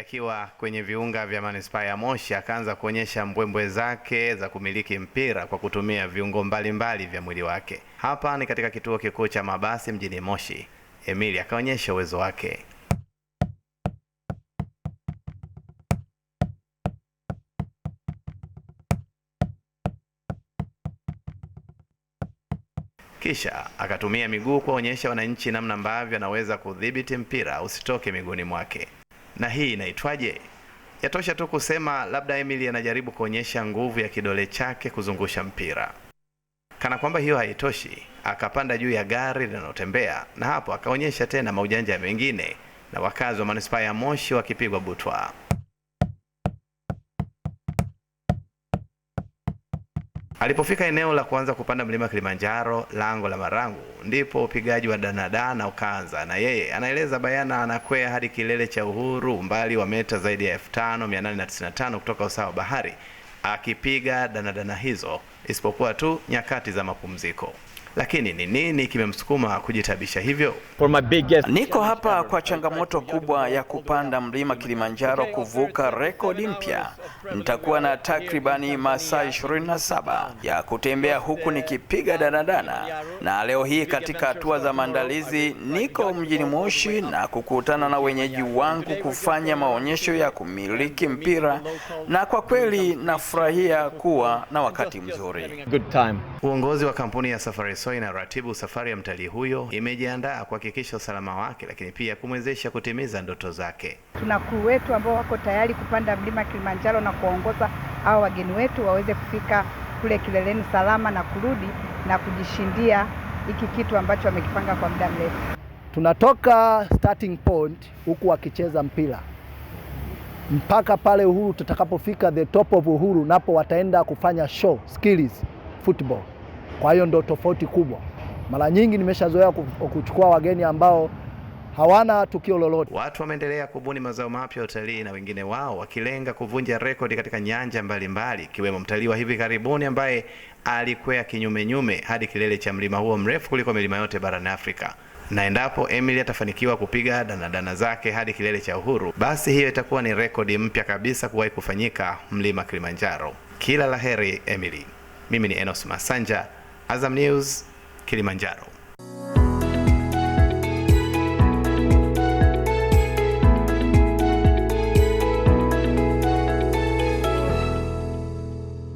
akiwa kwenye viunga vya manispaa ya Moshi akaanza kuonyesha mbwembwe zake za kumiliki mpira kwa kutumia viungo mbalimbali mbali vya mwili wake. Hapa ni katika kituo kikuu cha mabasi mjini Moshi. emili akaonyesha uwezo wake. Kisha akatumia miguu kuwaonyesha wananchi namna ambavyo anaweza kudhibiti mpira usitoke miguuni mwake na hii inaitwaje? Yatosha tu kusema labda Emily anajaribu kuonyesha nguvu ya kidole chake kuzungusha mpira. Kana kwamba hiyo haitoshi, akapanda juu ya gari linalotembea na hapo akaonyesha tena maujanja mengine, na wakazi wa manispaa ya Moshi wakipigwa butwa. Alipofika eneo la kuanza kupanda mlima Kilimanjaro, lango la Marangu, ndipo upigaji wa danadana ukaanza, na yeye anaeleza bayana anakwea hadi kilele cha Uhuru, umbali wa meta zaidi ya 5895 kutoka usawa wa bahari, akipiga danadana hizo, isipokuwa tu nyakati za mapumziko. Lakini ni nini kimemsukuma kujitabisha hivyo? biggest... niko hapa kwa changamoto kubwa ya kupanda mlima Kilimanjaro, kuvuka rekodi mpya. Nitakuwa na takribani masaa 27 ya kutembea huku nikipiga danadana, na leo hii katika hatua za maandalizi niko mjini Moshi na kukutana na wenyeji wangu kufanya maonyesho ya kumiliki mpira, na kwa kweli nafurahia kuwa na wakati mzuri. Good time. Uongozi wa kampuni ya Safari na inaratibu safari ya mtalii huyo, imejiandaa kuhakikisha usalama wake, lakini pia kumwezesha kutimiza ndoto zake. Tuna kuu wetu ambao wako tayari kupanda mlima Kilimanjaro na kuwaongoza hao wageni wetu waweze kufika kule kileleni salama na kurudi na kujishindia hiki kitu ambacho wamekipanga kwa muda mrefu. Tunatoka starting point huku wakicheza mpira mpaka pale Uhuru tutakapofika the top of Uhuru, napo wataenda kufanya show skills football. Kwa hiyo ndo tofauti kubwa. Mara nyingi nimeshazoea kuchukua wageni ambao hawana tukio lolote. Watu wameendelea kubuni mazao mapya ya utalii na wengine wao wakilenga kuvunja rekodi katika nyanja mbalimbali ikiwemo mbali, mtalii wa hivi karibuni ambaye alikwea kinyumenyume hadi kilele cha mlima huo mrefu kuliko milima yote barani Afrika. Na endapo Emily atafanikiwa kupiga danadana zake hadi kilele cha Uhuru, basi hiyo itakuwa ni rekodi mpya kabisa kuwahi kufanyika mlima Kilimanjaro. Kila laheri Emily. Mimi ni Enos Masanja Azam News, Kilimanjaro.